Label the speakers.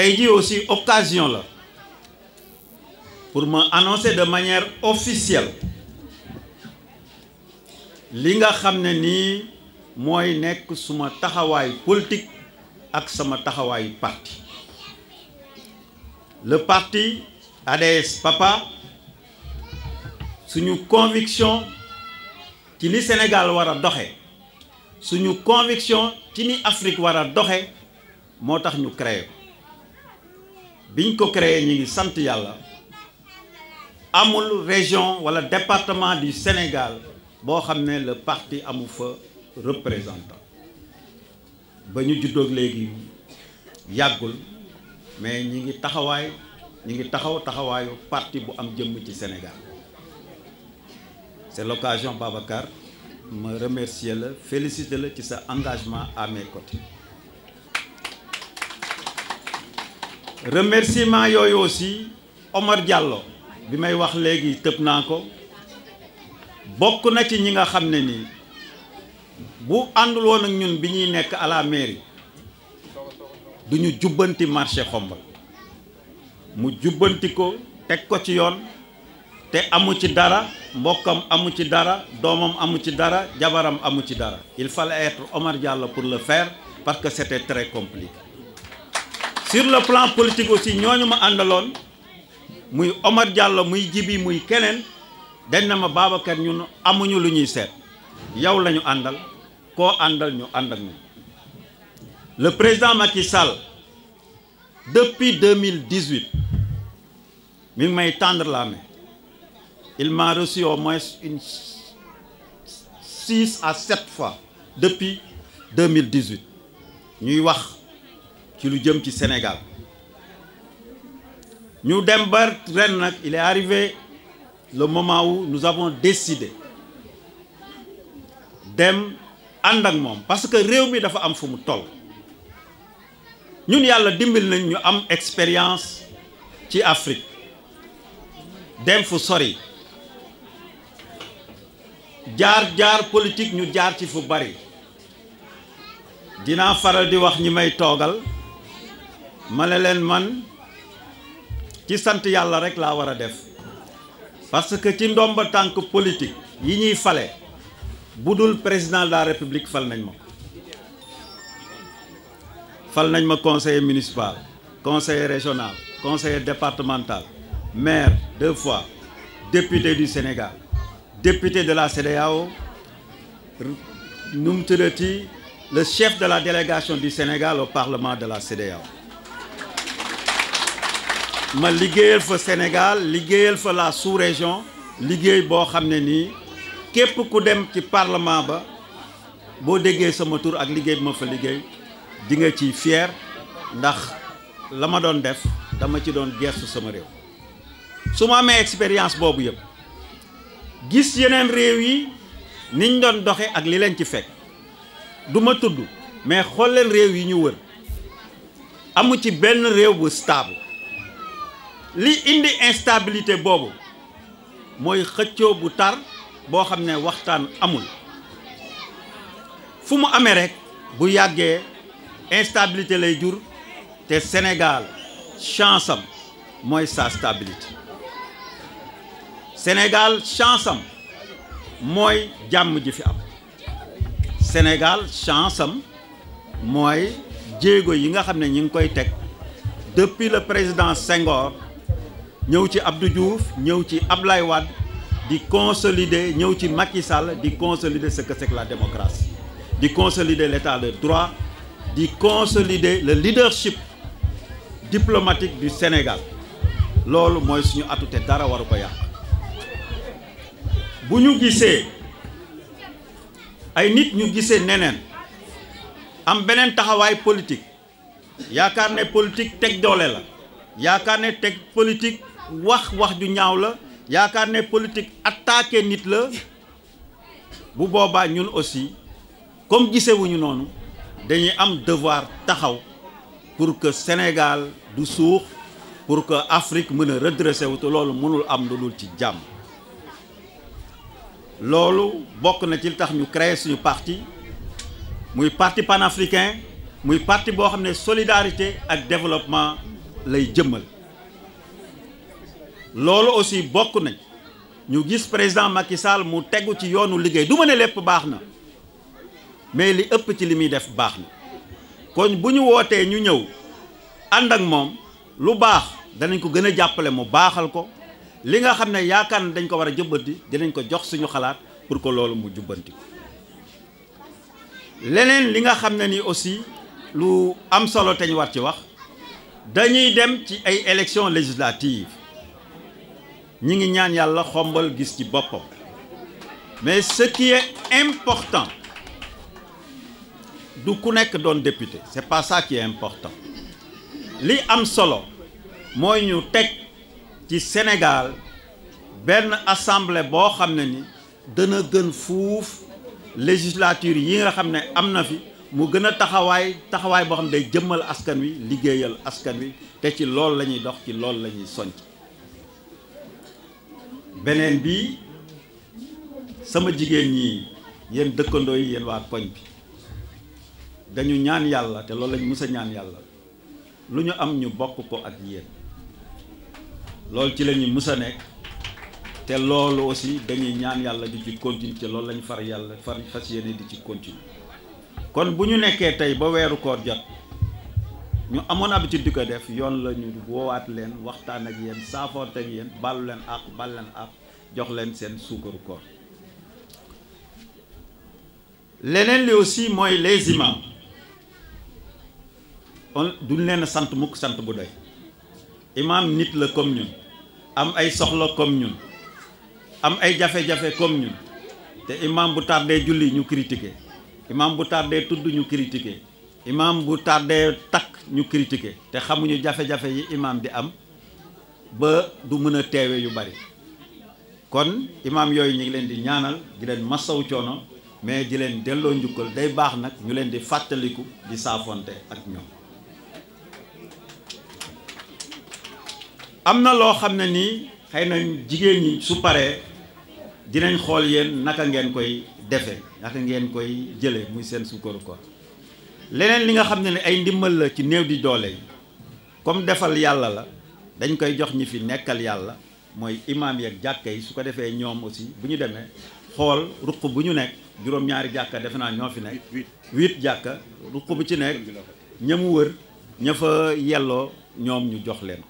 Speaker 1: tey jii aussi occasion la pour ma annoncer de manière officielle li nga xam ne nii mooy nekk suma taxawaay politique ak sama taxawaayu parti le parti ADS Papa suñu conviction ci ni senegal war a doxe suñu conviction ci ni Afrique war a doxe moo tax ñu créer biñ ko créé ñu ngi sant yàlla amul région wala département du Sénégal boo xam ne la parti amu fa représentant ba ñu juddoog léegi yàggul mais ñi ngi taxawaay ñi ngi taxaw taxawaayu parti bu am jëmm ci Sénégal c'est l'occasion Babacar ma remercier la féliciter la ci sa engagement à mes remerciement yooyu aussi Omar jàllo bi may wax léegi tëb naa ko bokk na ci ñi nga xam ne nii bu àndul woon ak ñun bi ñuy nekk à la mairie duñu jubbanti marché xombal mu jubbanti ko teg ko ci yoon te amu ci dara mbokkam amu ci dara doomam amu ci dara jabaram amu ci dara il fallait être Omar Diallo pour le faire parce que c'était très compliqué sur le plan politique ñoo ñu ma àndaloon muy Omar Diallo muy Jibi muy keneen dañ na ma Babacar ñu amuñu lu ñuy seet yow la ñu àndal koo àndal ñu ànd ak ñun le président Macky Sall depuis 2018 mi ngi may tendre la main il m'a reçu au moins une six à sept fois depuis 2018 ñuy wax ci lu jëm ci Sénégal ñu dem ba ren nag il est arrivé le moment où nous décidé dem ànd ak moom parce que réew mi dafa am fu mu toll ñun yàlla dimbil nañ ñu am expérience ci Afrique dem fu sori jaar-jaar politik ñu jaar ci fu bari dinaa faral di wax ñi may toogal ma leen man ci sant yàlla rek laa war a def parce que ci ndomba tànk politique yi ñuy fale bu dul président de la république fal nañ ma fal nañ ma conseiller municipal conseil régional conseiller départemental maire deux fois député du Sénégal député de la CEDEAO nu mu tuddati le chef de la délégation du Sénégal au parlement de la CEDEAO ma liggéeyal fa Sénégal liggéeyal fa la sous-région liggéey boo xam ne nii képp ku dem ci parlement ba boo déggee sama tur ak liggéey bi ma fa liggéey dinga ciy ci fier ndax la ma doon def dama ci doon gestu sama réew su ma amee expérience boobu yëpp gis yeneen réew yi niñ doon doxe ak li leen ci fekk duma tudd mais xool leen réew yi ñu wër amu ci benn réew bu stable li indi instabilité boobu mooy xëccoo bu tar boo xam ne waxtaan amul fu mu amee rek bu yàggee instabilité lay jur te Sénégal chance am mooy sa stabilité Sénégal chance am mooy jàmm ji fi am Sénégal chance am mooy jéego yi nga xam ne ñi ngi koy teg depuis le président sengoor ñëw ci Abdou Diouf ñëw ci Ablaye Wade di consolider ñëw ci Macky Sall di consolider ce que c'est la démocratie di consolider l'état de droit di consolider le leadership diplomatique du Sénégal loolu mooy suñu atute dara waru ko yàq bu ñu gisee ay nit ñu gisee neneen am beneen taxawaay politique yaakaar ne politique teg doole la yaakaar ne teg politique wax wax ju ñaaw la yaakaar ne politique attaqué nit la bu boobaa ñun aussi comme gisewuñu noonu dañuy am devoir taxaw pour que Sénégal du suux pour que Afrique mën a redressé wu te loolu mënul am lu dul ci jàmm loolu bokk na ci li tax ñu créer suñu parti muy parti panafricain muy parti boo xam ne solidarité ak développement lay jëmmal loolu aussi bokk nañ ñu gis président Macky Sall mu tegu ci yoonu liggéey du ma ne lépp baax na mais li ëpp ci li muy def baax na kon bu ñu wootee ñu ñëw ànd ak moom lu baax danañ ko gën a jàppale mu baaxal ko li nga xam ne yaakaar na dañ ko war a jubbanti dinañ ko jox suñu xalaat pour que loolu mu jubbanti ko leneen li nga xam ne ni aussi lu am solo te ñu war ci wax dañuy dem ci ay élections législatives ñu ngi ñaan yàlla xombal gis ci boppam mais ce qui est important du ku nekk doon député c'est pas ça qui est li am solo mooy ñu teg ci Sénégal benn assemblée boo xam ne ni dana gën fuuf législature yi nga xam ne am na fi mu gën a taxawaay taxawaay boo xam ne day jëmmal askan wi liggéeyal askan wi te ci loolu la ñuy dox ci loolu la ñuy soñc beneen bi sama jigéen ñi yéen dëkkandoo yi yéen waa koñ bi dañu ñaan yàlla te lool lañ mus a ñaan yàlla lu ñu am ñu bokk ko ak yéen loolu ci la ñu mus a nekk te loolu aussi dañuy ñaan yàlla di ci continuer te loolu lañ far yàlla far fas yéene di ci continuer kon bu ñu nekkee tey ba weeru koor jot ñu amoon habitude di ko def yoon la ñu woowaat leen waxtaan ak yéen saafoonte ak yéen balu leen àq bal leen àq jox leen seen suukaru koor leneen li aussi mooy les imams on duñ leen sant mukk sant bu doy imam nit la comme ñun am ay soxla comme ñun am ay jafe-jafe comme ñun te imam bu tardee julli ñu critiqué imam bu tardee tudd ñu critiqué imaam bu tardé takk ñu critiqué te xamuñu jafe-jafe yi imaam di am ba du mën teewe yu bari kon imaam yooyu ñu ngi leen di ñaanal di leen masaw coono mais di leen delloo njukkal day baax nag ñu leen di fàttaliku di saafonte ak ñoom am na loo xam ne nii xëy na jigéen ñi su paree dinañ xool yéen naka ngeen koy defe naka ngeen koy jële muy seen sukkaru koor leneen li nga xam ne ne ay ndimbal la ci néew di doole yi comme defal yàlla la dañ koy jox ñi fi nekkal yàlla mooy imaam yeeg jàkka yi su ko defee ñoom aussi bu ñu demee xool ruq bu ñu nekk juróom-ñaari jàkka defe naa ñoo fi nekk huit jàkka ruq bu ci nekk ña mu wër ña fa yelloo ñoom ñu jox leen